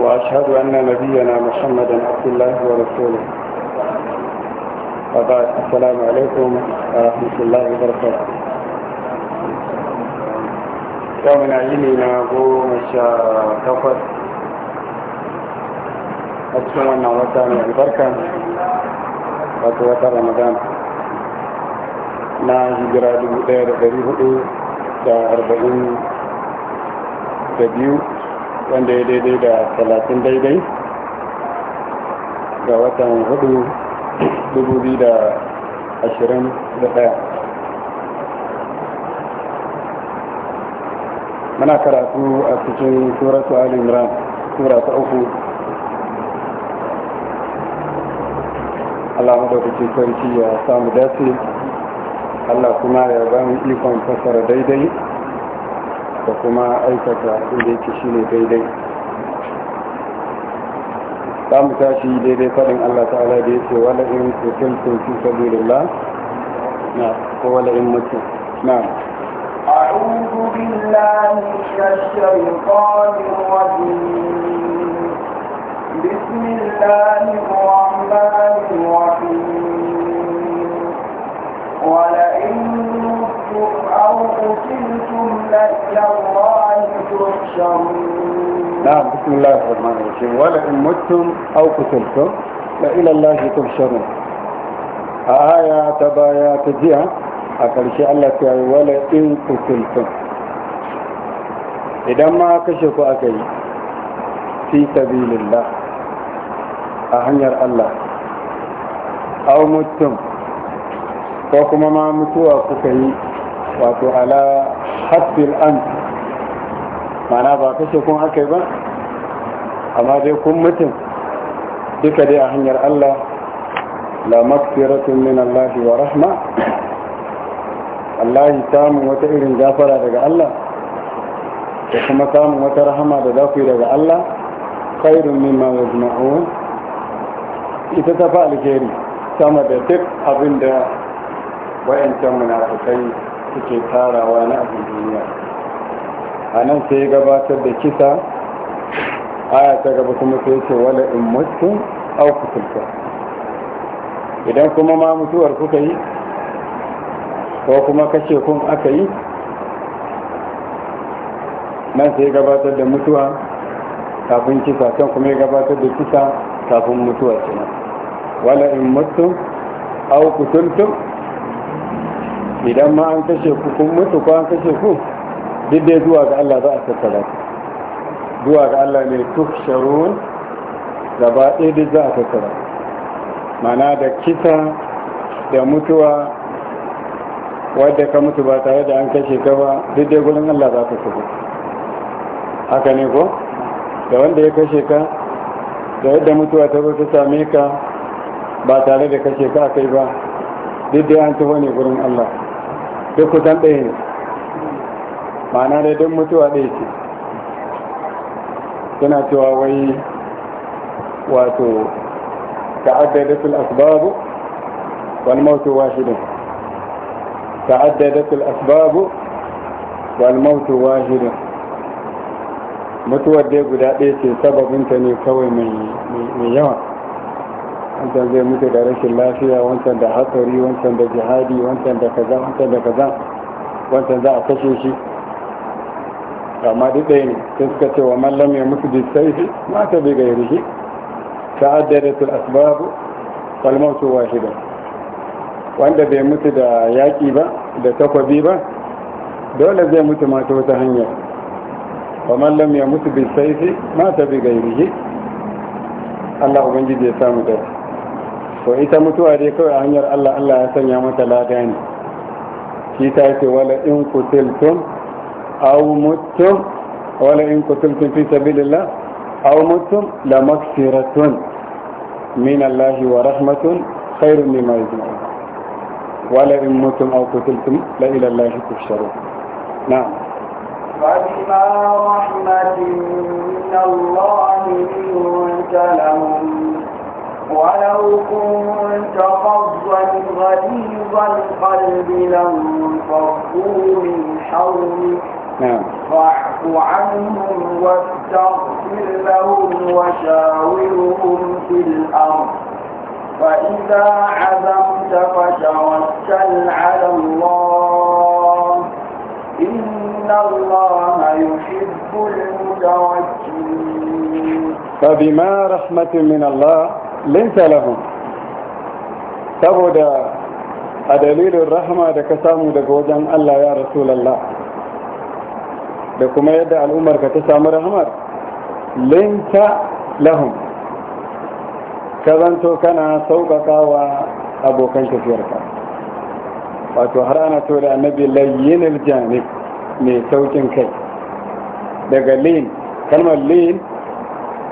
وأشهد أن نبينا محمدا عبد الله ورسوله وبعد السلام عليكم ورحمة الله وبركاته يوم يومنا يلينا قوم الشافر ان وطن البركة وتوتر رمضان نا هجره na hijira 1442 wanda ya daidai da talatin daidai ga watan hudu dubu biyu da ashirin da daya muna karatu a cikin suratu al-imran sura ta uku Allah kuke kwanci ya samu dace Allah kuma ya ba mu ikon fasara daidai da kuma aikata inda yake shi ne daidai za mu tashi daidai faɗin allah ta'ala da ya ce wala in kutum sun fi sabilillah na ko wala in mutum na أعوذ بالله من الشيطان الرجيم بسم الله الرحمن الرحيم ولئن لو قتلتم لإلى الله تحشرون نعم بسم الله الرحمن الرحيم ولئن متم أو قتلتم لإلى الله تحشرون آية تبايا تجيها أقل شيء الله تعالى ولئن قتلتم إذا ما كشفوا أكي في سبيل الله أهنير الله أو متم ko kuma ma mutuwa kuka yi wato ala haddil an mana ba kashe kun aka ba amma dai kun mutum duka dai a hanyar Allah la maghfiratun min Allah wa rahma Allah samun wata irin gafara daga Allah da kuma samun wata rahama da za daga Allah khairun mimma yajma'un ita ta fa alheri sama da duk abin da wayancan munafikai suke tarawa na abin duniya a nan sai ya gabatar da kisa aya ta gaba kuma sai ce wala in mutu au kusurta idan kuma ma mutuwar kuka yi ko kuma kashe kun aka yi nan sai gabatar da mutuwa kafin kisa can kuma ya gabatar da kisa kafin mutuwa kenan wala in mutu au kusurtum idan ma an kashe ku kun mutu ko an kashe ku duk dai zuwa ga Allah za a tattara ku zuwa ga Allah ne tuhsharun gaba ɗaya duk za a tattara mana da kisa da mutuwa wadda ka mutu ba tare da an kashe ka ba duk dai gurin Allah za ka tafi haka ne ko da wanda ya kashe ka da yadda mutuwa ta ta same ka ba tare da kashe ka kai ba duk dai an tafi ne gurin Allah duk kusan ɗaya ne ma'ana dai duk mutuwa ɗaya ce suna cewa wai wato ta'addadatul asbabu wal mautu wahidun ta'addadatul asbabu wal mautu wahidun mutuwar dai guda ɗaya ce sababinta ne kawai mai yawa wancan zai mutu da rashin lafiya wancan da hatsari wancan da jihadi wancan da kaza wancan da kaza wancan za a kashe shi amma duk da ne sai suka ce wa mallam ya mutu da saifi mata bai ta shi su asbabu wal mautu wahida wanda bai mutu da yaƙi ba da takwabi ba dole zai mutu ma ta wata hanyar wa mallam ya mutu bi saifi mata bi gairihi Allah ubangiji ya samu dace to ita mutuwa dai kawai a hanyar Allah Allah ya sanya mata lada ne shi ta ce wala in kutiltum aw mutum wala in kutiltum fi sabilillah aw mutum la maghfiratun min Allah wa rahmatun khairun mimma yajma'un wala in mutum aw kutiltum la ila Allah tusharun na'am فبما رحمة من الله لنت لهم ولو كنت فظا غليظ القلب لانفضوا من حولك نعم. فاعف عنهم واستغفر لهم وشاورهم في الأرض فإذا عزمت فتوكل على الله إن الله يحب المتوكلين فبما رحمة من الله linta lahu saboda a dalilin rahama da ka samu daga wajen Allah ya rasulallah da kuma yadda al'ummar ka ta samu rahamar linta lahum ka zanto kana sauƙaƙa sauƙaƙawa abokan tafiyarka wato har ana to da annabi layyinil janib mai saukin kai daga lin kalmar lin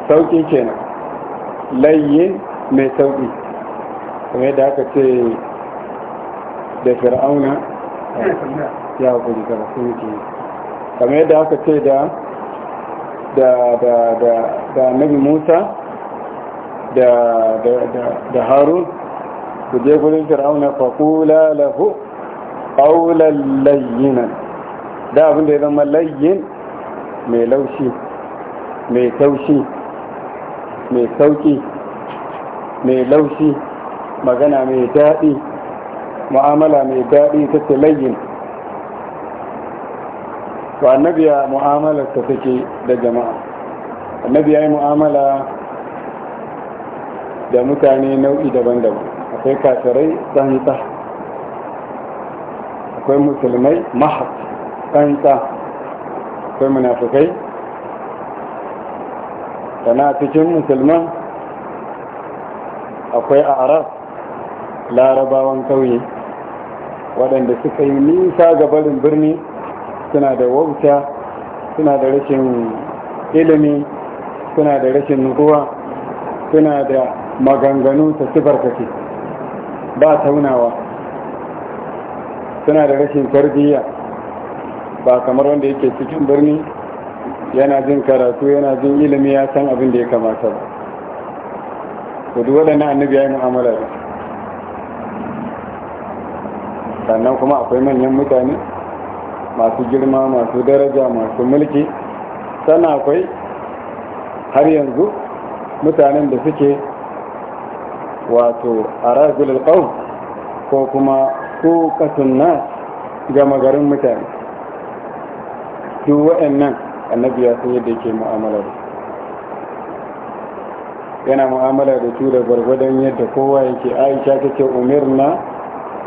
sauki kenan layyin mai sauƙi kuma yadda aka ce da fir'auna ya hukuri da sun ke kuma yadda aka ce da da da da da nabi musa da da da harun ku je gurin fir'auna fa kula lahu qawlan layyinan da abin da ya zama layyin mai laushi mai taushi mai sauki mai laushi magana mai daɗi mu'amala mai daɗi ta tilayin layin to annabiya mu'amalar ta take da jama'a annabiya yi mu'amala da mutane nau'i daban-daban akwai kafirai tsanta akwai musulmai mahaf tsanta akwai munafukai sana cikin musulman akwai a arab larabawan kauye waɗanda suka yi nisa ga barin birni suna da wauta suna da rashin ilimi suna da rashin ruwa suna da maganganu ta kake ba taunawa suna da rashin tarbiyya ba kamar wanda yake cikin birni yana jin karatu yana jin ilimi ya san abin da ya kamata ba to duk waɗannan annabi ya yi mu'amala da sannan kuma akwai manyan mutane masu girma masu daraja masu mulki sannan akwai har yanzu mutanen da suke wato a ragulul ko kuma su kasun na gama garin mutane duk waɗannan annabi ya san yadda yake mu'amala da yana mu'amala da su da gwargwadon yadda kowa yake aisha ta ce na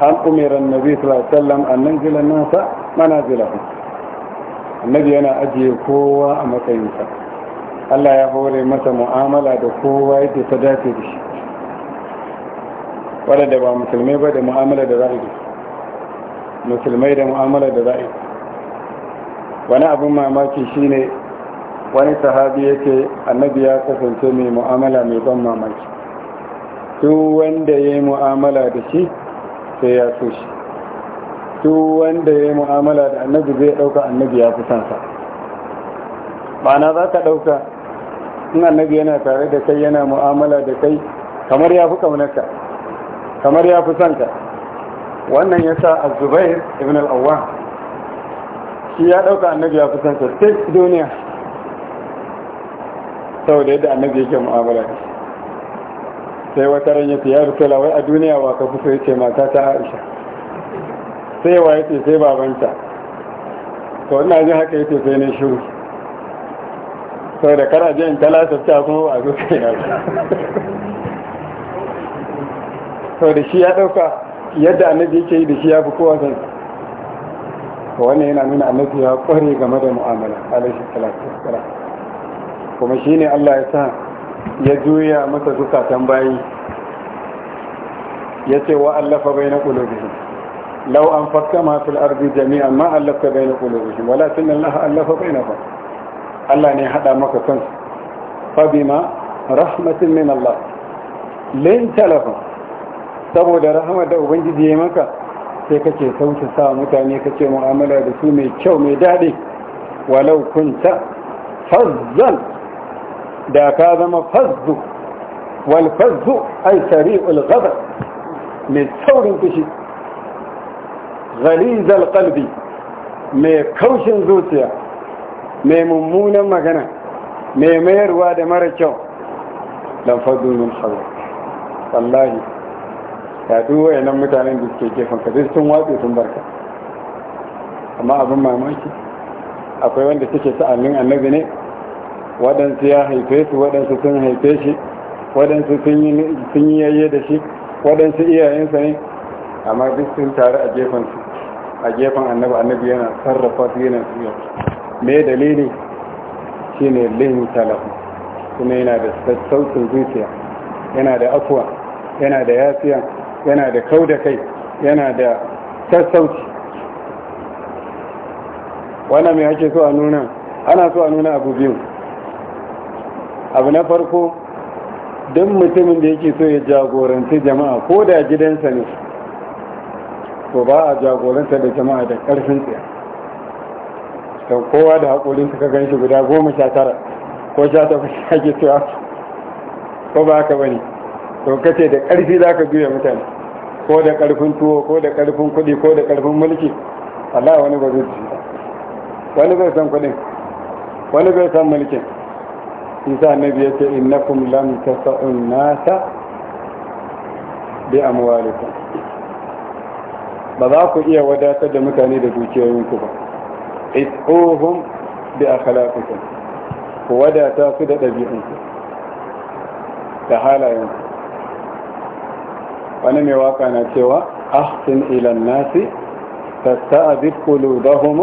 an umaran nabi sallallahu alaihi wasallam an nanzila nasa manazilahu annabi yana ajiye kowa a matsayinsa Allah ya hore masa mu'amala da kowa yake ta dace da shi wadanda ba musulmai ba da mu'amala da yi musulmai da mu'amala da yi wani abin mamaki shine wani sahabi yake annabi ya kasance mai mu'amala mai ban mamaki duk wanda ya yi mu'amala da shi sai ya so shi duk wanda ya yi mu'amala da annabi zai ɗauka annabi ya fi sansa za ka ɗauka in annabi yana tare da kai yana mu'amala da kai kamar ya fi kaunarka kamar ya fi sanka wannan ya sa azubair ibn al'awwa shi ya dauka annabi ya kusan sa sai duniya saboda yadda annabi yake mu'amala sai wata ran yace ya rusula wai a duniya wa ka fito yace mata ta Aisha sai wa yace sai babanta to ina ji haka yace sai ne shiru saboda kana jin talasa ta kuma a zo kai na da shi ya dauka yadda annabi yake yi da shi ya fi kowa sansa to wannan yana nuna annabi ya kware game da mu'amala alaihi salatu wassalam kuma shine Allah ya sa ya juya masa zukatan bayi ya ce wa allafa bayna qulubihim law anfaqta ma fil ardi jami'an ma allafta bayna qulubihim walakin Allah allafa fa Allah ne hada maka kansu fa bima rahmatin min Allah lin talafa saboda rahama da ubangiji ya maka sai kake sauke sa mutane kake mu'amala da su mai kyau mai daɗi walau kunta fazzan da ka zama fazzu wal fazzu ai sari'ul ghadab mai saurin fushi ghalizal qalbi mai kaushin zuciya mai mummunan magana mai mayarwa da mara kyau lamfadu min hawa wallahi ta duk nan mutanen da suke gefen ka duk sun watsi sun barka amma abin mamaki akwai wanda suke sa'anin annabi ne waɗansu ya haife su waɗansu sun haife shi waɗansu sun yi yayye da shi waɗansu iyayensa ne amma duk sun taru a gefen su a gefen annabi annabi yana sarrafa su yana suya me dalili shi ne lihin talafu kuma yana da sassautin zuciya yana da afuwa yana da yafiya yana da kau da kai yana da sassauci wannan mai ake so a nuna ana so a nuna abu biyu abu na farko don mutumin da yake so ya jagoranci jama'a ko da gidansa ne to ba a jagoranta da jama'a da ƙarfin tsaye to kowa da haƙorin suka gan shi guda goma sha tara ko sha shi ake cewa ko ba haka ba ne to kace da ƙarfi za ka juya mutane ko da ƙarfin tuwo ko da ƙarfin kuɗi ko da ƙarfin mulki Allah wani ba zai wani bai san kuɗin wani bai san mulkin isa annabi ya ce innakum lam tasa'un nasa bi amwalikum ba za ku iya wadatar da mutane da dukiyoyinku ba isquhum bi akhlaqikum ku wadata su da ɗabi'unku da halayenku wani mai waka na cewa ahsin ilan nasi tasta'adib qulubahum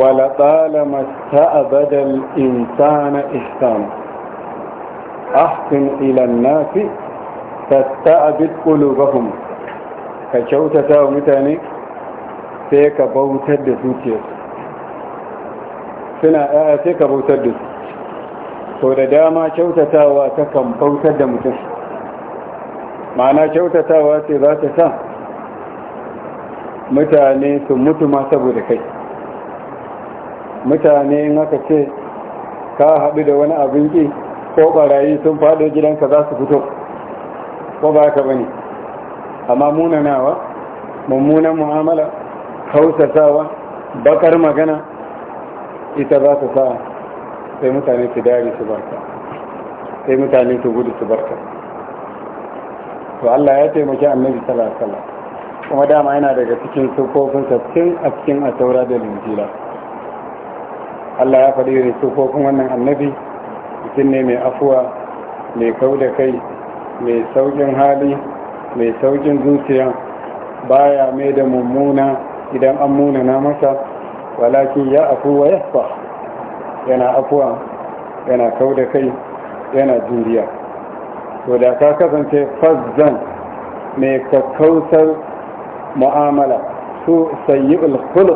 wa la talama sta'abada al-insana ihsan ahsin ilan nasi tasta'adib qulubahum ka kyautata wa mutane sai ka bautar da zuciyarsu suna ɗaya sai ka bautar da su sau da dama kyautatawa ta kan bautar da mutum ma'ana kyautatawa ce za ta sa mutane su mutu ma saboda kai mutane in aka ce ka haɗu da wani abin ƙi ko ɓarayi sun faɗo gidanka za su fito ko ba ka bane amma munanawa mummunan mu'amala hausasawa bakar magana ita za ta sa sai mutane su dari su barka sai mutane su gudu su barka to Allah ya taimaki annabi sallallahu alaihi wasallam kuma dama yana daga cikin sufofin tun a cikin asaura da linjila Allah ya faɗi irin sufofin wannan annabi mutum ne mai afuwa mai kau kai mai saukin hali mai saukin zuciya baya mai da mummuna idan an munana masa walakin ya afu wa yasfa yana afuwa yana kau kai yana juriya to da ka kasance fazzan mai kakkausar mu'amala su sayi ulkulu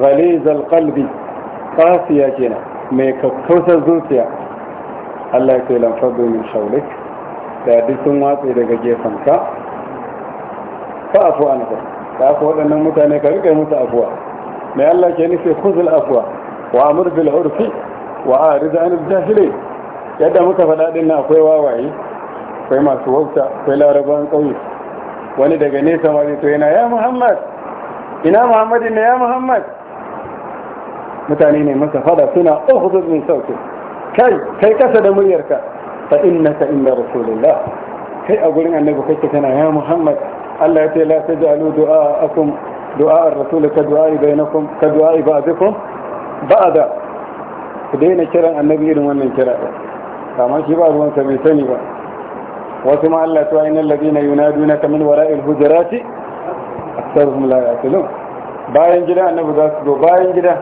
ghalizal qalbi qasiya kenan mai kakkausar zuciya Allah ya kai lamfado min shaulik da duk sun watsi daga gefen ka fa afuwa na ka ko waɗannan mutane ka riƙe musu afuwa mai Allah ke nufi kuzul afuwa wa amur bil urfi wa arid an jahilai yadda muka faɗa din na akwai wawaye akwai masu wauta akwai larabawan ƙauye wani daga nesa ma zai to yana ya muhammad ina muhammadin na ya muhammad mutane ne masa fada suna uhzur oh, min sauti kai kai kasa da muryarka fa innaka inda rasulullah kai a gurin annabi kake kana ya muhammad Allah ya ce la taj'alu du'a'akum du'a'ar rasul ka du'a'i bainakum ka du'a'i ba'dakum ba'da ku daina kiran annabi irin wannan kira kamar shi ba sa mai sani ba wasu ma Allah ta ainihin labina na kamin wara'il hujjarati aksaruhum la yaqilun bayan gida annabu za su zo bayan gida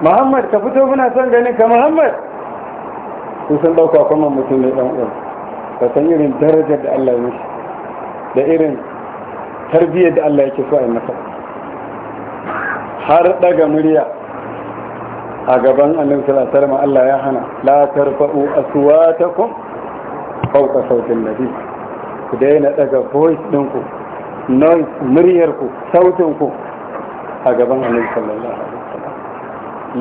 Muhammad ka fito muna son ganin ka Muhammad su sun ɗauka kuma mutum ne ɗan uwan ka san irin darajar da Allah ya mishi da irin tarbiyyar da Allah yake so a yi masa har daga murya a gaban annabi sallallahu alaihi wasallam Allah ya hana la tarfa'u aswatakum fawqa sautin nabi ku daina daga voice ɗinku noise muryarku sautinku a gaban annabi sallallahu alaihi wasallam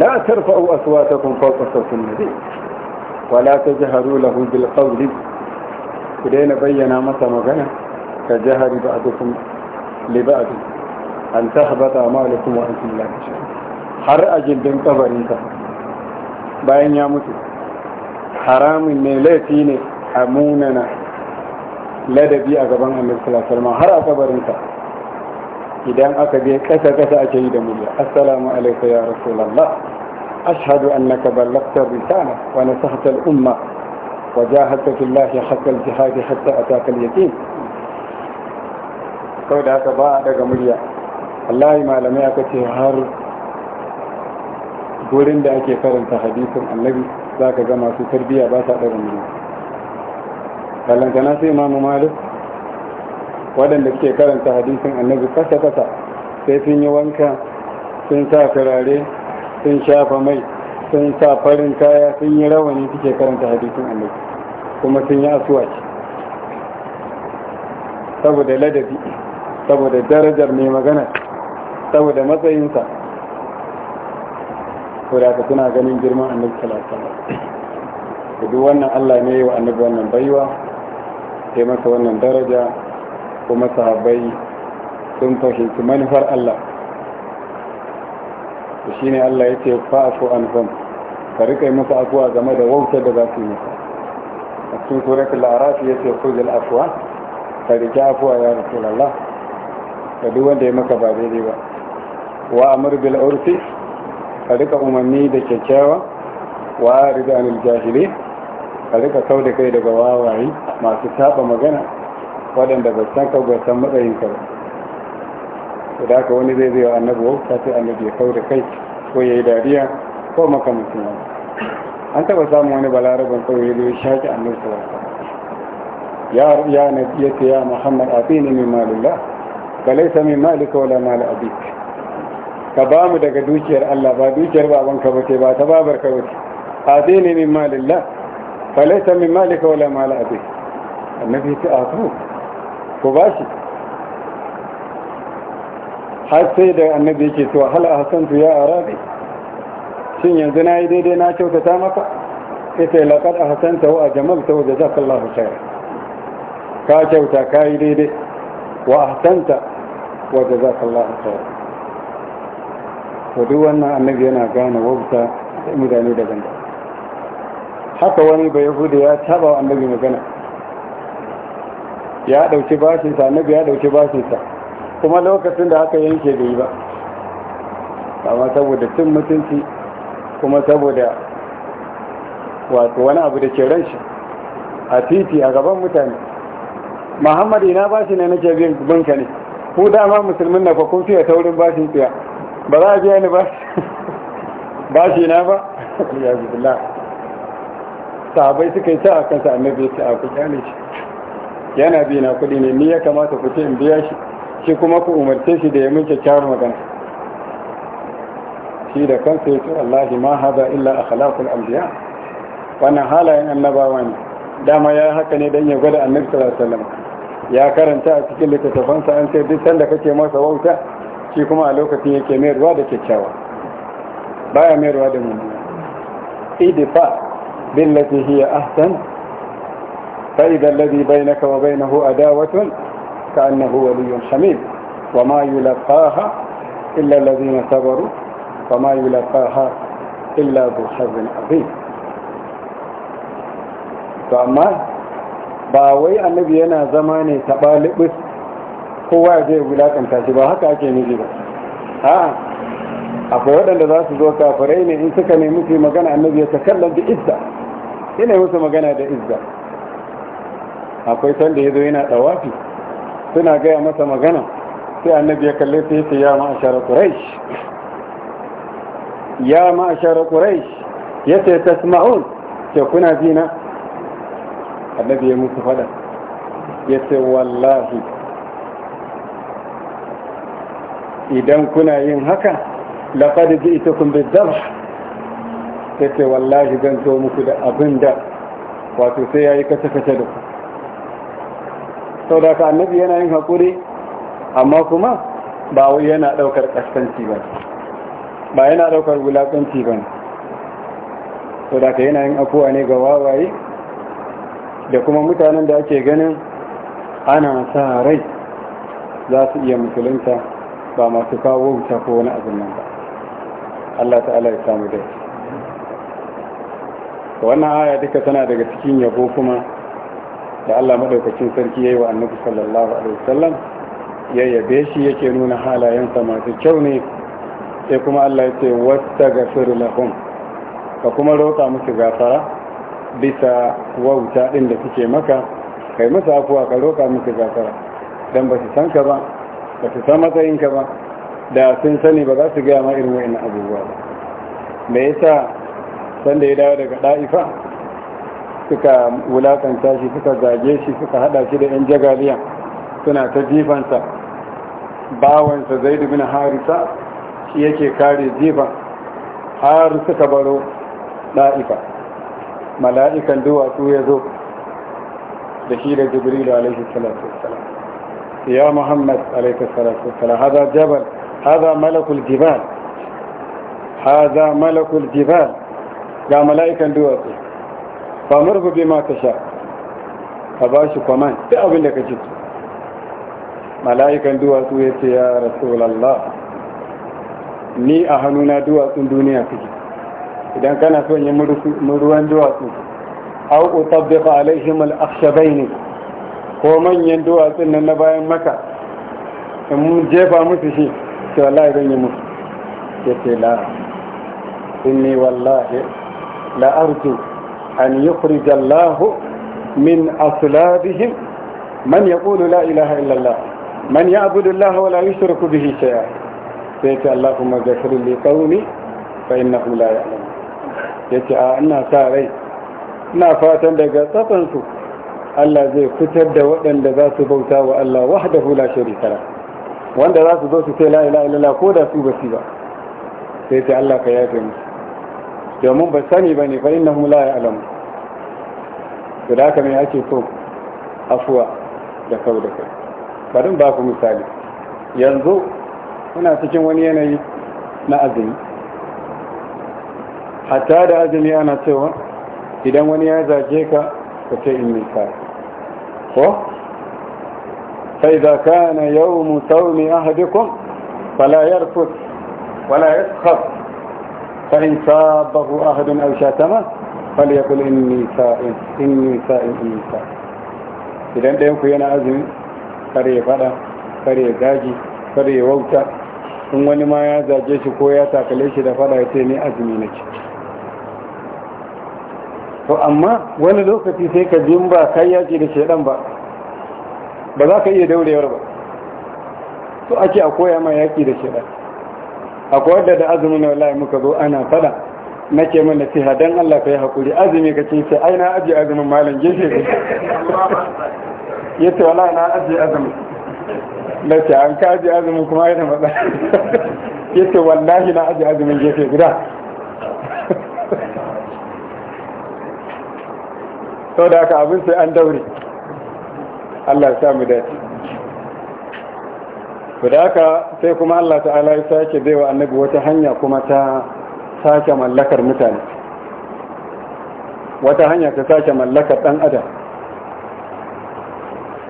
la tarfa'u aswatakum fawqa sautin nabi wala tajharu lahu bil qawli ku daina bayyana masa magana ka jahari ba'dukum li ba'd an tahbata amalukum wa antum la har a gindin kabarinsa bayan ya mutu haramun ne laifi ne a munana ladabi a gaban annabi har a kabarinsa idan aka biya kasa kasa ake yi da murya assalamu alaikum ya rasulullah ashhadu annaka ballagta risala wa nasahta al umma wa jahadta fillahi haqqa al jihad hatta ataka al yaqin kawai da haka ba daga murya wallahi malamai aka ce har gurin da ake karanta hadisin annabi za ka ga masu tarbiyya ba sa ɗarin ne kalantana sai imamu malik waɗanda suke karanta hadisin annabi kasa-kasa sai sun yi wanka sun sa turare sun shafa mai sun sa farin kaya sun yi rawani suke karanta hadisin annabi kuma sun yi asuwaci saboda ladabi saboda darajar mai magana saboda matsayinsa ko da kuna ganin girman annabi sallallahu alaihi wasallam duk wannan Allah ne wa annabi wannan baiwa ya masa wannan daraja kuma sahabbai sun fahimci manufar Allah shi ne Allah ya ce an anhum ka rika musu afuwa game da wautar da za su yi masa a cikin suratul araf ya ce khudh afwa ka rike afwa ya rasulullah ka duk wanda ya maka ba daidai ba wa amr bil urfi ka rika umarni da kyakkyawa wa rida anil jahili ka rika kau da kai daga wawaye masu taba magana waɗanda ba san kau ba san ka ba da ka wani zai zai wa annabi ta sai annabi ya kau da kai ko ya yi dariya ko makamancin wani an taɓa samun wani balaraban kawai zai shaki annabi sallallahu ya ya nabi ya ce ya muhammad abin min malillah فليس من malika wala مال أبيك ka ba mu daga dukiyar Allah ba dukiyar babanka ba ce ba ta babarka ba ce azini min malillah falaita min malika wala mala abi annabi ta afu ko ba shi har sai da annabi yake to hal ahsantu ya arabi shin yanzu na yi daidai na kyautata maka ita laqad ahsanta wa ajmalta wa jazakallahu khairan ka kyauta ka yi daidai wa ahsanta wa jazakallahu khairan to duk wannan annabi yana gane wauta da mutane daban da haka wani bai hudu ya taba wa annabi magana ya dauki bashinsa annabi ya dauki bashinsa kuma lokacin da haka yanke da yi ba amma saboda cin mutunci kuma saboda wato wani abu da ke ran shi a titi a gaban mutane muhammad ina bashi ne nake bin banka ne ku dama musulmin na fa kun fiye taurin bashin tsiya ba za a biya ni ba ba shi na ba ya bula sahabai suka yi ta a kansa a ya ta a ku kyale shi yana biya na kuɗi ne ni ya kamata ku in biya shi shi kuma ku umarce shi da ya min kyakkyawar magana shi da kansa ya ce wallahi ma haza illa akhlaqul anbiya wannan halayen annabawa ne dama ya haka ne dan ya gwada annabi sallallahu alaihi wasallam ya karanta a cikin littattafansa an ce duk sanda kake masa wauta shi kuma a lokacin yake mayarwa da kyakkyawa baya mayarwa da mummuna idfa billati hiya ahsan fa idha alladhi bainaka wa bainahu adawatun ka'annahu waliyyun hamid wa ma yulqaha illa alladhina sabaru wa ma yulqaha illa dhu hazin azim to amma ba wai annabi yana zama ne tabalibus kowa ya zai wulakanta shi ba haka ake nufi ba a'a akwai waɗanda za su zo kafirai ne in suka nemi su magana annabi ya takallan da izza ina musu magana da izza akwai sanda ya zo yana ɗawafi suna gaya masa magana sai annabi ya kalle sai yace ya ma'ashara quraish ya ma'ashara quraish yace tasma'un ce kuna jina annabi ya musu fada yace wallahi idan kuna yin haka laqad ji'tukum ta ce wallahi zan zo muku da abinda wato sai yayi kace-kace da ku da ka annabi yana yin hakuri amma kuma ba wai yana daukar kaskanci ba ba yana daukar wulakanci ba da ka yana yin afuwa ne ga wawaye da kuma mutanen da ake ganin ana sa rai za su iya musulunta ba masu kawo wuta ko wani abin nan ba Allah ta'ala ya samu dai wannan aya duka tana daga cikin yabo kuma da Allah madaukakin sarki yayi wa annabi sallallahu alaihi wasallam ya yabe shi yake nuna halayensa masu kyau ne sai kuma Allah ya ce wastaghfir lahum ka kuma roƙa musu gafara bisa wauta din da suke maka kai musu afuwa ka roƙa musu gafara dan ba su san ka ba ba su san matsayinka ba da sun sani ba za su gaya ma irin wa'in abubuwa ba me yasa sanda ya dawo daga ɗa'ifa suka wulakanta shi suka zage shi suka hada shi da 'yan jagaliya suna ta jifansa bawansa zai dubi na harisa shi yake kare jifa har suka baro ɗa'ifa mala'ikan duwatsu ya zo da shi da jibril alaihi salatu wasalam يا محمد عليه الصلاة والسلام هذا جبل هذا ملك الجبال هذا ملك الجبال يا ملائكة دواتي فامره بما تشاء فباشي كمان تأبن لك جد ملائكة دواتو يتي يا رسول الله ni a hannuna duwatsun duniya suke idan kana son yin ruwan duwatsu au utabbiqa alaihim al-akhshabaini ko manyan duwatsun nan na bayan maka in mun jefa musu shi ce wallahi zan yi musu ya ce la inni wallahi la arju an yi Allah min aslabihim man yaqulu la ilaha illa Allah man ya'budu Allah wa la yushriku bihi shay'a sai ce Allahumma ghafir li qaumi fa innahum la ya'lamun yace a ina sa rai ina fatan daga tsafansu Allah zai fitar da waɗanda za su bauta wa Allah wahdahu la sharika la wanda za su zo su ce la ilaha illallah ko da su ba su ba sai ta Allah ka yafe musu domin ba sani ba ne fa innahu la ya'lamu to da haka me ake so afuwa da kau da kai bari ba ku misali yanzu kuna cikin wani yanayi na azumi hatta da azumi ana cewa idan wani ya zage ka ka ce in mai kare ko faida kana yau mu taumi a hadikun falayar fus falayar khas fahim sabahu a hadin aisha ta ma falayakul in nisa in nisa idan ɗayanku yana azumi kare ya fada kare ya zagi kare ya wauta in wani ma ya zage shi ko ya takale shi da fada ya ce ni azumi na ciki to amma wani lokaci sai ka jin ba kai yaƙi da shaidan ba ba za ka iya daurewar ba to ake a koya ma yaƙi da shaidan akwai wadda da azumi na wala'i muka zo ana fada ke min nasiha don Allah ka yi hakuri azumi ka ce sai aina aji azumin malam gefe ne yace wallahi na aje azumin ce an ka aji azumin kuma ai da matsala yace wallahi na aji azumin gefe guda sau da aka abin sai an daure Allah ya samu dace ku da aka sai kuma Allah ta'ala ya sake baiwa annabi wata hanya kuma ta sake mallakar mutane wata hanya ta sake mallakar dan adam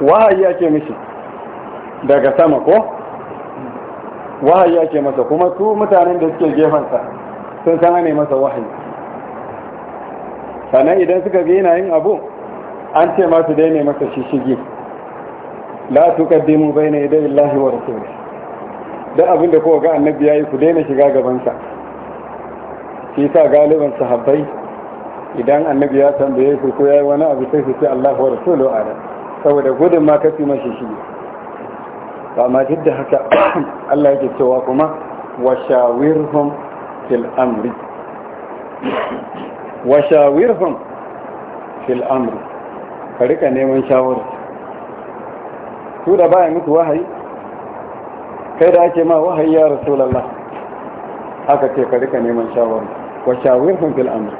wahayi ake mishi daga sama ko wahayi ake masa kuma su mutanen da suke gefansa sun san ne masa wahayi sannan idan suka ga yana yin abu an ce masu daina masa shishigi la bai bayna idan illahi wa rasulih don abin da kowa ga annabi ya yi ku daina shiga gabansa, shi sa galiban sahabbai idan annabi ya tambaye su ko yi wani abu sai su ce Allahu wa rasuluhu ala saboda gudun ma kafi mashi shi ma duk da haka Allah yake cewa kuma wa shawirhum fil amri wa shawirhum fil amri ka rika neman shawara su da baya muku wahayi kai da ake ma wahayi ya rasulullah haka ce ka rika neman shawara wa shawirhum fil amri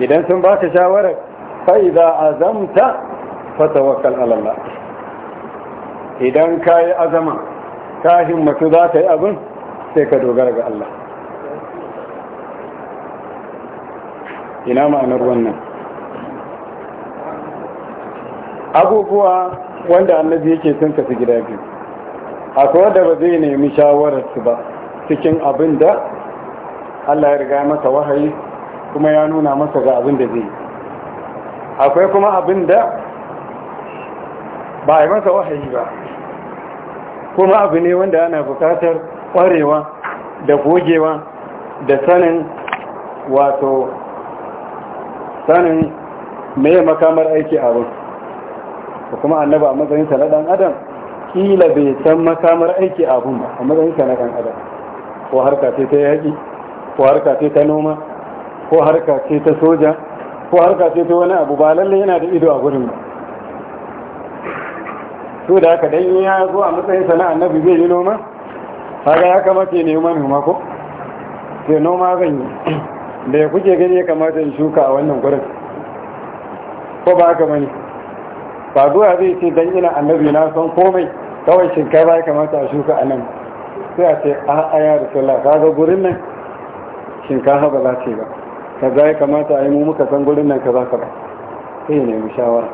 idan sun baka shawara fa idza azamta fatawakkal ala Allah idan kai azama ka himmatu za ka yi abin sai ka dogara ga Allah ina ma'anar wannan abubuwa wanda annabi yake sun kasu gida biyu akwai wanda ba zai nemi shawararsu ba cikin abin da allah ya riga masa wahayi kuma ya nuna masa ga abin da zai yi akwai kuma abin da ba a yi masa wahayi ba kuma abu ne wanda ana bukatar kwarewa da gogewa da sanin wato sanin me makamar aiki a wurin ko kuma annabi a matsayinsa na dan adam kila bai san makamar aiki a abun ba a matsayinsa na dan adam ko harka ce ta yaƙi ko harka ce ta noma ko harka ce ta soja ko harka ce ta wani abu ba lallai yana da ido a gurin ba to da haka dan ya zo a matsayinsa na annabi zai yi noma kaga ya kamata ya neman noma ko sai noma zan yi da ya kuke gani ya kamata in shuka a wannan gurin ko ba haka mani ba zuwa zai ce don ina annabi na son komai kawai shinkafa ya kamata a shuka a nan sai a ce a a ya rasulullah ka ga gurin nan shinkafa ba za ce ba za ya kamata a yi mu muka san gurin nan ka ba sai ne mu shawara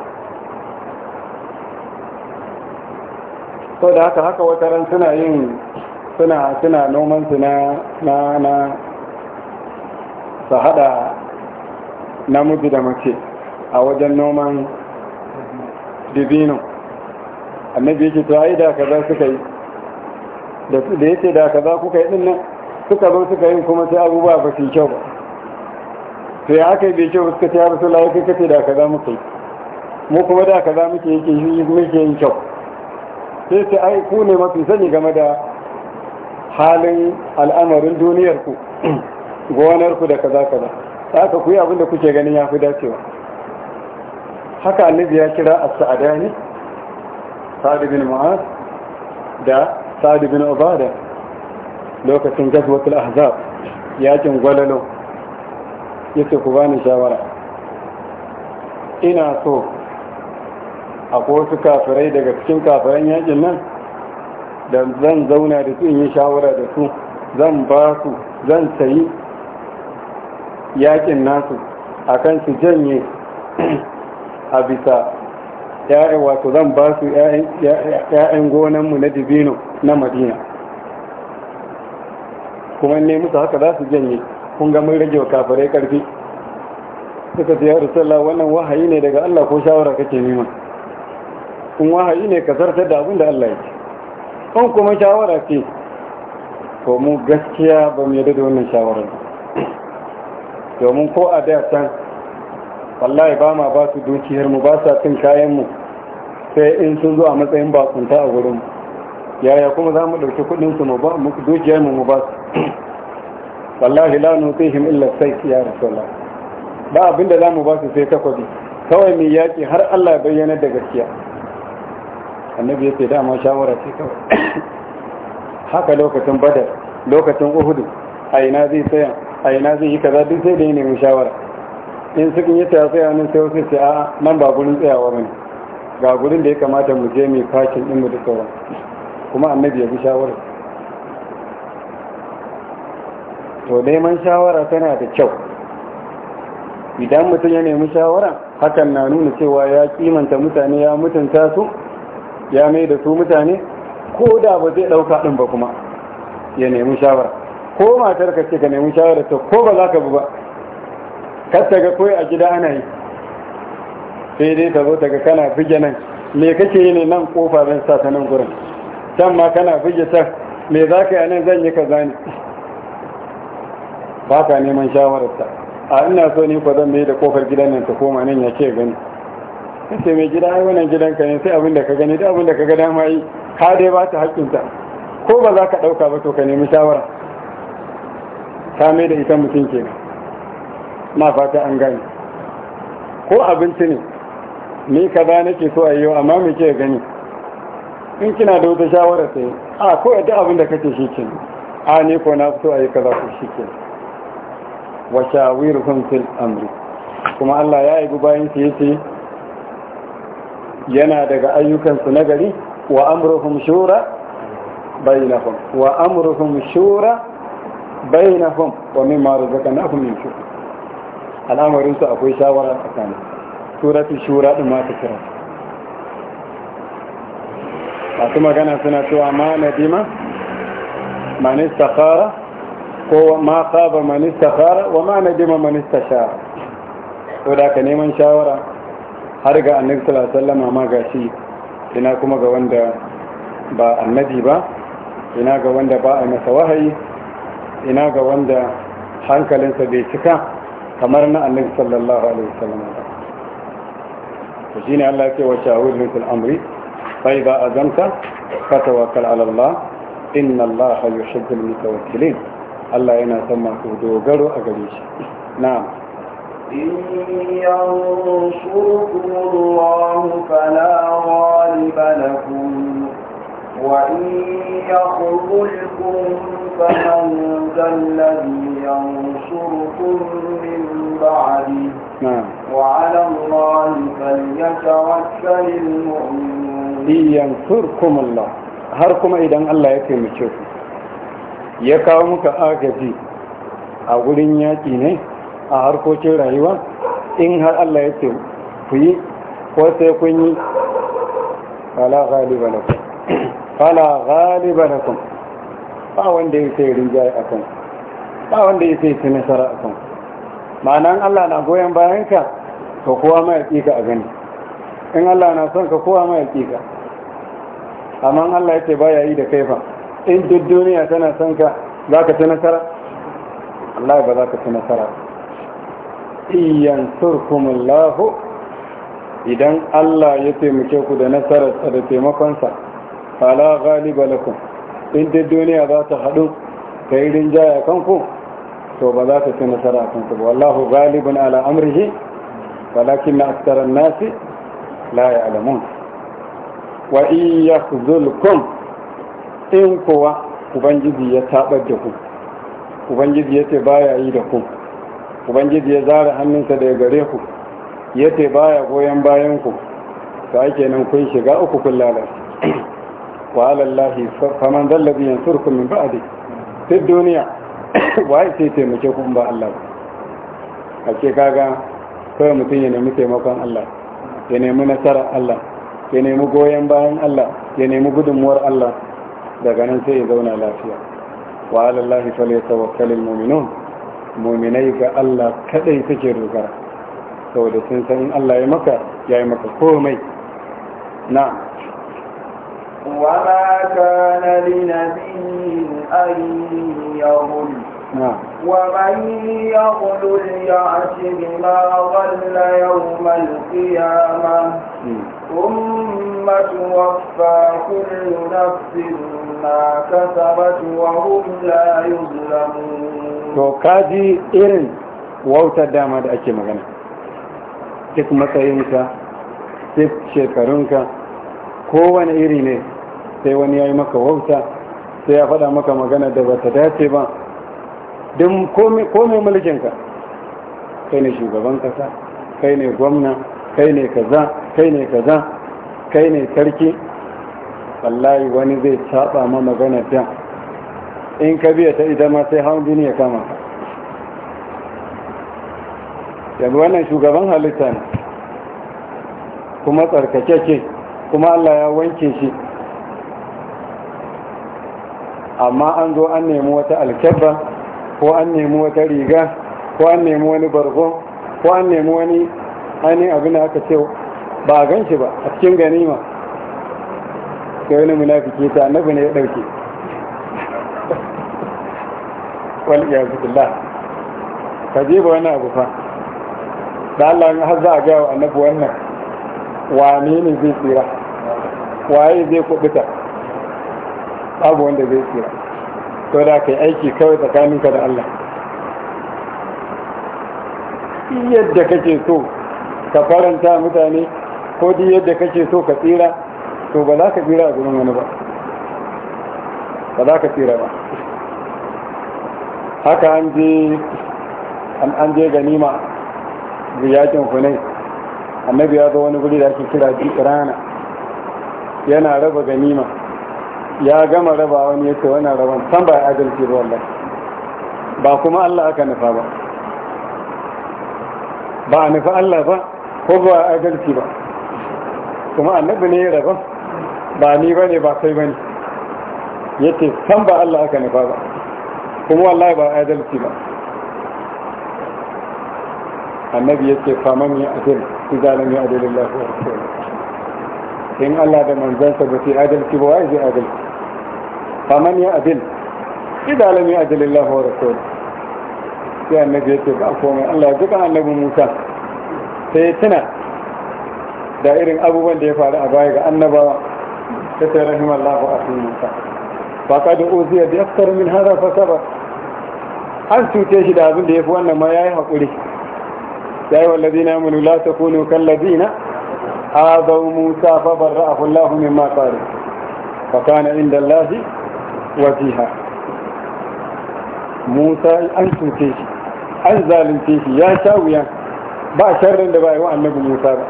so da haka haka wata ran suna yin suna suna noman su na na su haɗa namiji da mace a wajen noman divino annabi yake to ayi da kaza suka yi da yake da kaza kuka yi dinnan suka zo suka yi kuma sai abubuwa ba su kyau ba sai aka yi bai kyau suka ce ya rasu layi kai kace da kaza muka yi mu kuma da kaza muke yake yi muke yin kyau sai sai ai ku ne mafi sani game da halin al'amarin duniyar ku gonarku da kaza kaza haka ku yi abin da kuke ganin ya fi dacewa haka annabi ya kira as-sa'ada ne sa'ad bin mu'az da sa'ad bin ubada lokacin gazwatul ahzab yakin gwalalo yace ku bani shawara ina so akwai wasu kafirai daga cikin kafiran yakin nan da zan zauna da su in yi shawara da su zan ba su zan sayi yakin nasu akan su janye a bisa ya'ya wato zan ba su ya'yan gonanmu na dibino na madina kuma ne musu haka za su janye kun ga mun rage wa kafirai karfi suka ce ya rasulallah wannan wahayi ne daga Allah ko shawara kake nema kun wahayi ne ka zartar da abin da Allah ya ce kun kuma shawara ce Ko mu gaskiya ba mu yarda da wannan shawarar ba domin ko a da can wallahi ba ma ba su dukiyar mu ba sa cin kayan mu sai in sun zo a matsayin bakunta a gurin yaya kuma za mu ɗauki kuɗin su mu ba mu dukiyar mu mu ba su wallahi la tihim illa sayf ya rasulullah ba abinda za mu ba su sai takobi, kawai mai yaki har Allah ya bayyana da gaskiya annabi ya ce dama shawara ce kawai haka lokacin badar lokacin uhudu a ina zai tsaya a ina zai yi kaza duk sai da ya nemi shawara in suka yi ta tsaya nan sai wasu ce a nan ba gurin tsayawa bane ga gurin da ya kamata mu je mai fakin din mu da sauran kuma annabi ya bi shawara to neman shawara tana da kyau idan mutum ya nemi shawara hakan na nuna cewa ya kimanta mutane ya mutunta su ya mai da su mutane ko da ba zai ɗauka ɗin ba kuma ya nemi shawara ko matar ka ce ka nemi shawarar ta ko ba za ka bu ba kar ta ga koyi a gida ana yi sai dai ta zo ta ga kana buge nan me kake yi ne nan kofa zan sa ta nan gurin can ma kana buge ta me za ka yi nan zan yi kaza ne ba ka neman shawarar ta a ina so ni ko zan mai da kofar gidan nan ta koma nan ya ce gani kace mai gida ai wannan gidan ka ne sai abin da ka gani duk abin da ka ga dama yi ka dai ba ta hakkinta ko ba za ka dauka ba to ka nemi shawara ta da ita mutum ke na fata an gani ko abinci ne ni kaza nake so a yi amma me ke gani in kina da wata shawara sai a ko yadda abin da kake shi ke a ne ko na so a yi kaza ko shi ke wa shawiruhum fil amri kuma Allah ya yi bayan su yace yana daga ayyukan su nagari wa amruhum shura bainahum wa amruhum shura bainahum wa mimma razaqnahum shukr al'amarin su akwai shawara tsakani suratul shura din ma ta kira masu magana suna cewa ma nadima man istakhara ko ma khaba man istakhara wa ma nadima man istashara to da ka neman shawara har ga annabi sallallahu alaihi wasallam ma gashi ina kuma ga wanda ba annabi ba ina ga wanda ba a masa wahayi ina ga wanda hankalinsa bai cika kamar na annabi sallallahu alaihi wasallam to shine Allah yake wa shawulun fil amri sai ba azamta ka fatawakkal ala Allah inna Allah yuhibbul mutawakkilin Allah yana son masu dogaro a gare shi na'am إن ينصركم الله فلا غالب لكم وإن يخذلكم فمن ذا الذي ينصركم من بعده وعلى الله فليتوكل المؤمنون ينصركم الله har kuma idan Allah ya taimake ku ya kawo muka agaji a wurin yaƙi ne a harkokin rayuwa in har Allah ya ce ku yi ko sai kun yi fala ghaliba lakum fala ghaliba lakum ba wanda ya sai rinjaye a kan ba wanda ya sai ci nasara a kan ma'anan Allah na goyon bayan ka kowa mai ya a gani in Allah na son ka kowa mai ya amma ka amma Allah ya ce ba ya yi da kaifa in duk duniya tana son ka za ka ci nasara Allah ba za ka ci nasara iyan surkumullahu idan Allah ya taimake ku da nasararsa da taimakonsa fala ghaliba lakum in duniya za ta haɗu ta yi rinjaya kanku to ba za ta fi nasara a kanku ba wallahu galibin ala amrihi walakin na aksarar nasi la ya alamun wa iya zulkun in kowa ubangiji ya taɓar da ku ubangiji ya ce baya yi da ku ubangiji ya zara hannunsa daga gare ku ya ce baya goyon bayan ku ta ake nan kun shiga uku kun lalace وعلى الله فمن ذا الذي ينصركم من بعده في الدنيا waye sai taimake ku ba Allah ba ake kaga kawai mutum ya nemi taimakon Allah ya nemi nasara Allah ya nemi goyon bayan Allah ya nemi gudunmuwar Allah daga nan sai ya zauna lafiya wa alallahi falyatawakkalul mu'minun mu'minai ga Allah kadai suke dogara saboda sun san Allah ya maka ya yi maka komai na. وما كان لنبي ان يغل ومن يغل يعش بما غل يوم القيامه ثم توفى كل نفس ما كسبت وهم لا يظلمون وكادي إرن wautar dama da ake magana duk matsayinka duk shekarunka kowane iri ne sai wani ya yi maka wauta sai ya faɗa maka magana da bata dace ba don komai mulkinka kai ne shugaban kasa kai ne gwamna kai ne kaza kai ne kaza kai ne sarki wallahi wani zai saba ma magana ta. in ka biya ta ita ma sai hawan duniya kama ka yanzu wannan shugaban halitta ne kuma tsarkakeke kuma allah ya wanke shi amma an zo an nemi wata alkyabba ko an nemi wata riga ko an nemi wani bargo ko an nemi wani ainihin abin da aka ce ba a gan shi ba a cikin ganima sai wani munafiki ta annabi ne ya dauke wani ya zuɗullah ka je ba wani abu fa da Allah ya haza a gaya wa annabi wannan wane ne zai tsira waye zai kubuta babu wanda zai tsira to da kai aiki kawai tsakaninka da Allah yadda kake so ka faranta mutane ko dai yadda kake so ka tsira to ba za ka tsira a gurin wani ba ba za ka tsira ba haka an je an je ganima ziyakin hunai annabi ya zo wani guri da ake kira jirana yana raba ganima ya gama raba wani yace wani raban san ba adalci ba wallahi ba kuma Allah aka nufa ba ba a nufa Allah ba ko ba adalci ba kuma annabi ne ya raba ba ni bane ba kai ya ce san ba Allah aka nufa ba kuma wallahi ba adalci ba annabi yace faman ya adil idan ya adilillahu wa rasuluhu in Allah da manzansa ba su adalci ba wai zai adalci faman ya adil idan lam ya adil Allah wa rasul sai annabi ya ce ba komai Allah ya duka annabi Musa sai tuna da irin abubuwan da ya faru a baya ga annabawa ta sai rahimallahu a cikin Musa ba ka da uziya da yaktar min hada fa sabar an cuce shi da abin da ya fi wannan ma ya yi haƙuri ya yi wallazi na la ta kunu kallazi na a zau musa fa barra a hullahu min ma tsari fa kana inda lahi waziha musa an cuce shi an zalunce shi ya sha wuya ba sharrin da ba yi wa annabi musa ba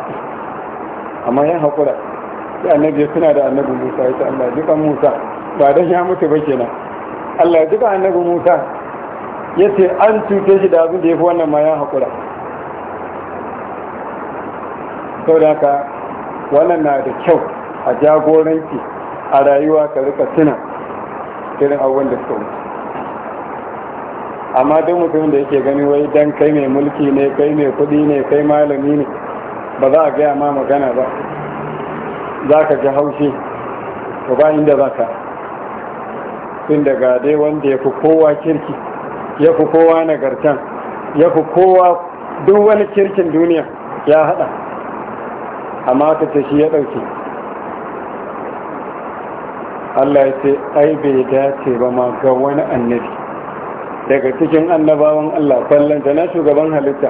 amma ya haƙura sai annabi ya tuna da annabi musa ya ce allah duka musa ba don ya mutu ba kenan allah ya duka annabi musa ya ce an cuce shi da abin da ya fi wannan ma ya haƙura sau da haka wannan na da kyau a jagoranci a rayuwa ka rika tuna irin abubuwan da suka amma duk mutumin da yake gani wai dan kai mai mulki ne kai mai kudi ne kai malami ne ba za a gaya ma magana ba za ka ji haushi ko ba inda za ka tun daga dai wanda ya fi kowa kirki ya fi kowa nagartan ya fi kowa duk wani kirkin duniya ya haɗa amma ta ce shi ya dauke Allah ya ce ai bai dace ba ma ga wani annabi daga cikin annabawan Allah sallan da na shugaban halitta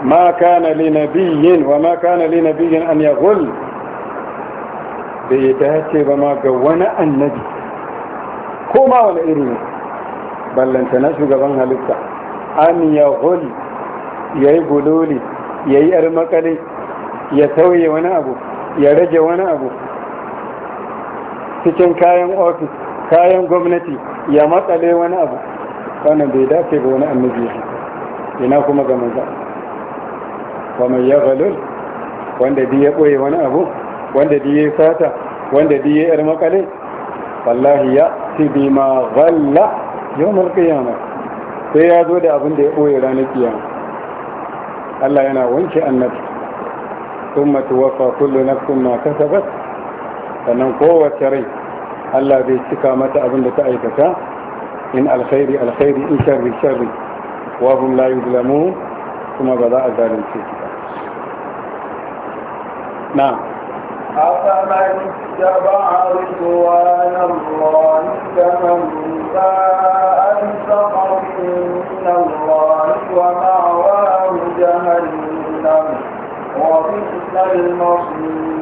ma kana li nabiyyin wa ma kana li nabiyyin an yaghul bai dace ba ma ga wani annabi ko ma wani iri ne ballanta na shugaban halitta an yaghul yayi gululi yayi armakali, ya sauye wani abu ya rage wani abu cikin kayan ofis kayan gwamnati ya matsale wani abu wannan bai dace ga wani annabi ina kuma ga manza wa mai ya yaghlul wanda bi ya boye wani abu wanda bi ya sata wanda bi ya yar makale wallahi ya ti bi ma ghalla yawmal qiyamah sai ya zo da abin da ya ɓoye ranar kiyama Allah yana wanke annabi ثم توفى كل نفس ما كسبت sannan kowace rai Allah zai cika mata abin da ta aikata in alkhairi alkhairi in sharri sharri wa hum la yuzlamu kuma ba za a zalunce su na أفمن اتبع جهنم وبئس المصير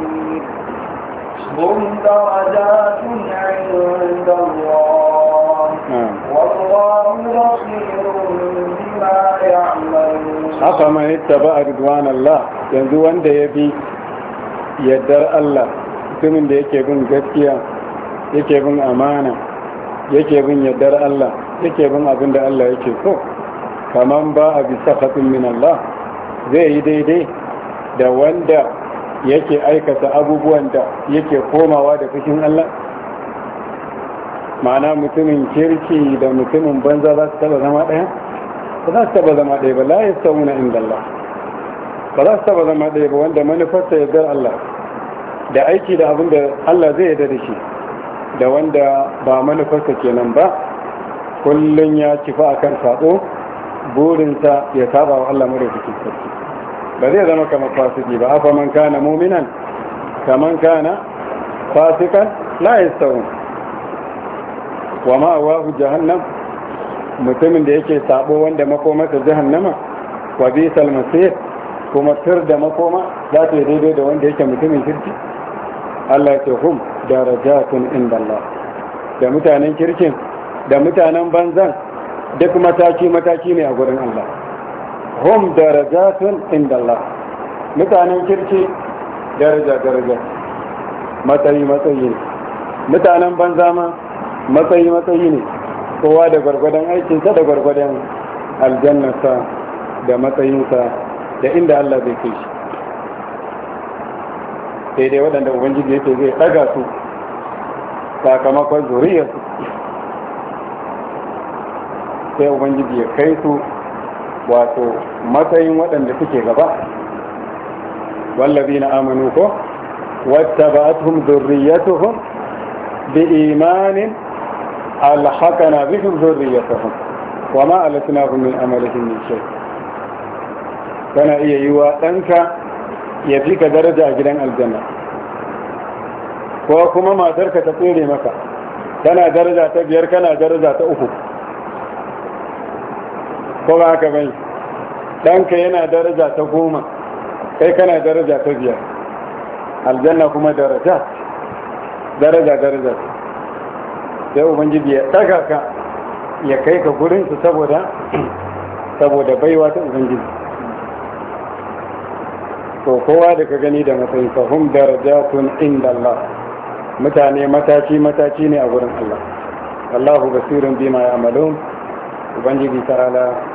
هم درجات عند الله والله بصير بما a أفمن اتبع yanzu wanda ya bi yaddar Allah mutumin da yake bin gaskiya yake bin amana yake bin yaddar Allah yake bin abin da Allah yake so kaman ba a bisa fatin min Allah zai yi daidai da wanda yake aikata abubuwan da yake komawa da fushin Allah ma'ana mutumin kirki da mutumin banza za su taba zama ɗaya ba za su taba zama ɗaya ba la yasta wuna inda Allah ba za su taba zama ɗaya ba wanda manufarsa yardar Allah da aiki da abin da Allah zai yarda da shi da wanda ba manufarsa kenan ba kullum ya a akan saɓo burinsa ya saba wa Allah fikin sarki ba zai zama kamar fasiki ba afa man kana mu'minan kaman kana fasikan la yastawun wa ma'awahu jahannam mutumin da yake sabo wanda makomarsa jahannama wa bisal masir kuma tur da makoma za ta yi daidai da wanda yake mutumin kirki Allah ya ce hum darajatun inda Allah da mutanen kirkin da mutanen banzan duk mataki mataki ne a gurin Allah hum darajatun inda Allah mutanen kirki daraja daraja matsayi matsayi ne mutanen banza ma matsayi matsayi ne kowa da gwargwadon aikinsa da gwargwadon aljannarsa da matsayinsa da inda Allah zai kai shi sai dai waɗanda ubangiji yake zai ɗaga su sakamakon zuriyarsu sai ubangiji ya kai su wato matsayin waɗanda suke gaba wallazi na amanu ko wata ba tun zurriyatuhun bi imanin alhakana bihin zurriyatuhun wa ma alatuna min amalihin ne shai kana iya yi wa ɗanka ya fi ka daraja a gidan aljanna ko kuma matarka ta tsere maka kana daraja ta biyar kana daraja ta uku ko ba haka bai ɗanka yana daraja ta goma kai kana daraja ta biyar aljanna kuma daraja daraja daraja sai ubangiji ya ɗaga ka ya kai ka gurinsu saboda saboda baiwa ta ubangiji to kowa da ka gani da matsayin daraja darajatun inda Allah mutane mataci mataci ne a gurin Allah Allahu basirin bima ya amalun ubangiji ta'ala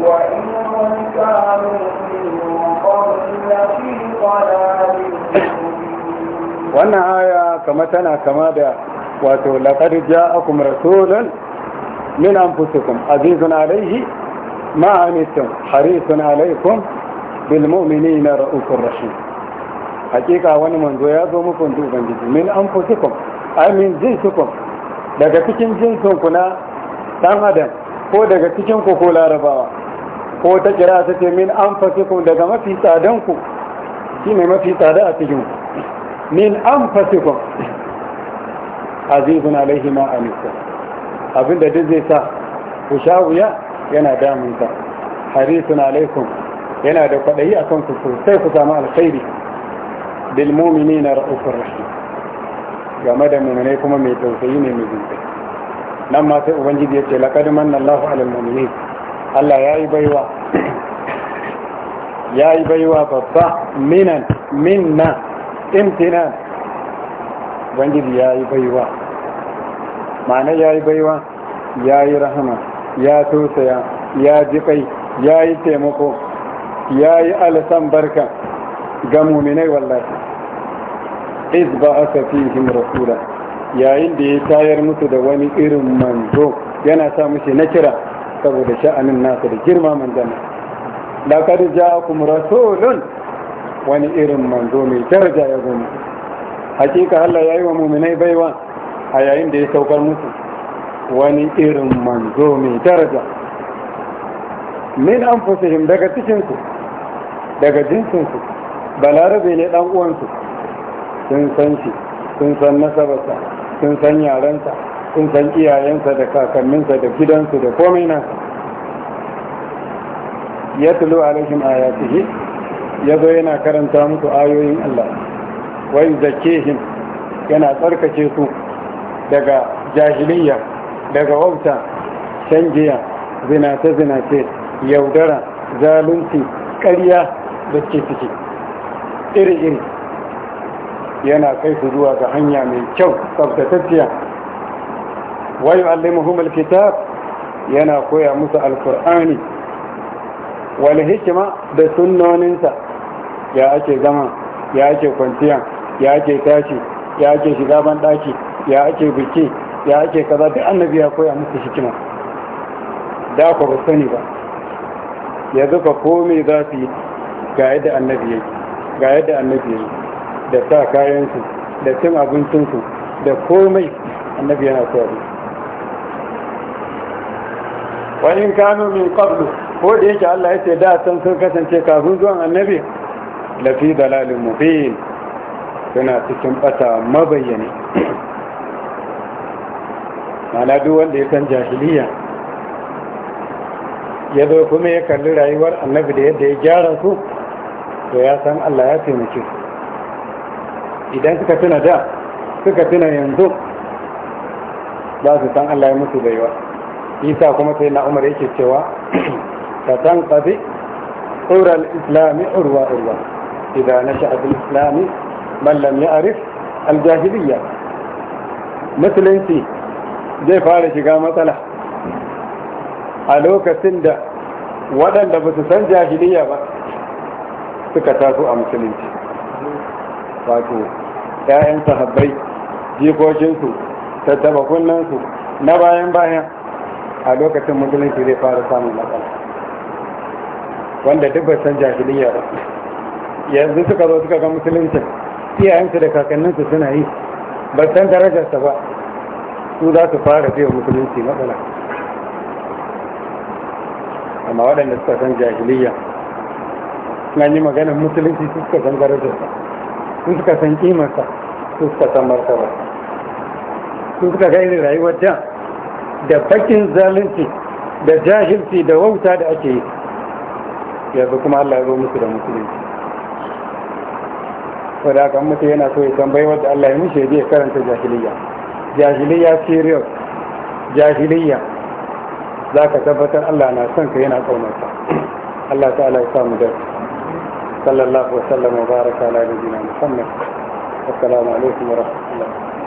وإن كانوا wannan aya kama tana kama da wato a ja'akum rasulun min an anfusikum azizun alayhi ma anittum harisun alaykum bilmominin na ra'ukun rashi hakika wani manzo ya zo muku da jiki min an ay min jinsukun daga cikin jinsin ku na ɗan adam ko daga cikin ku ko larabawa ko ta kira ta ce min an fasikun daga mafi tsadan ku shi ne mafi tsada a cikin ku min an fasikun azizun alaihi ma anisa abinda duk zai sa ku sha wuya yana damunta harisun alaikum yana da kwaɗayi a kusur sosai ku samu alkhairi bil mu'minina ra'ufur rahim game da mummune kuma mai tausayi ne mai jinkai nan ma sai ubangiji ya ce laqad manna Allahu 'alal mu'minin Allah ya yi baiwa ya yi baiwa babba minan minna imtinan ubangiji yi baiwa ma'ana yi baiwa ya yi rahama ya tosaya ya ji ya yi taimako ya yayi alsan barka ga mu'minai wallahi iz ba'atha fihim rasulan yayin da ya tayar musu da wani irin manzo yana sa mushi na kira saboda sha'anin nasa da girma manzana ku ja'akum rasulun wani irin manzo mai daraja ya musu hakika Allah ya yi wa mu'minai baiwa a yayin da ya saukar musu wani irin manzo mai daraja min an fusahim daga cikinsu daga jinsinsu balarabe ne dan uwansu sun san shi sun san nasabarsa sun san yarensa sun san iyayensa da kakanninsa da gidansu da komai na ya tulo alaihim ayatihi ya zo yana karanta musu ayoyin Allah wai zakehim yana tsarkake su daga jahiliya daga wauta canjiya zinace-zinace yaudara zalunci karya da ke ciki iri-iri yana kai su zuwa ga hanya mai kyau tsabtatacciya wa yu'allimuhum alkitab yana koya musu alqur'ani wal hikma da sunnoninsa ya ake zama ya ake kwanciya ya ake tashi ya ake shiga ban daki ya ake biki ya ake kaza da annabi ya koya musu hikima da ku ba sani ba yanzu ka komai za su yi ga yadda annabi yake ga yadda annabi da sa kayansu da cin abincinsu da komai annabi yana so abin wani kano min qablu ko da yake Allah ya ce da san sun kasance kafin zuwan annabi lafi dalalin mubin suna cikin bata mabayyane mana duk wanda ya san jahiliya ya zo kuma ya kalli rayuwar annabi da yadda ya gyara su to ya san Allah ya taimake su idan suka tuna da suka tuna yanzu za su san Allah ya musu yawa isa kuma sai na umar yake cewa ta san qadi ura islami urwa urwa idan na musulunci zai fara shiga matsala a lokacin da waɗanda ba su san jahiliya ba suka taso a musulunci wato ƴaƴan sahabbai jikokinsu tattaba kunnansu na bayan bayan a lokacin musulunci zai fara samun matsala wanda duk ba san jahiliya ba yanzu suka zo suka ga musulunci iyayensu da kakanninsu suna yi ba san darajarsa ba su za su fara zai musulunci matsala amma waɗanda suka san jahiliya na yi maganin musulunci suka san darajarsa su suka san kimarsa su suka san martaba su suka ga irin rayuwar da da bakin zalunci da jahilci da wauta da ake yi yanzu kuma Allah ya zo musu da musulunci wadda aka mutu yana so ya tambayi wadda Allah ya ya biya karanta jahiliya jahiliya serious jahiliya za ka tabbatar Allah na son ka yana kaunarsa Allah ta'ala ya samu dace صلى الله وسلم وبارك على نبينا محمد والسلام عليكم ورحمة الله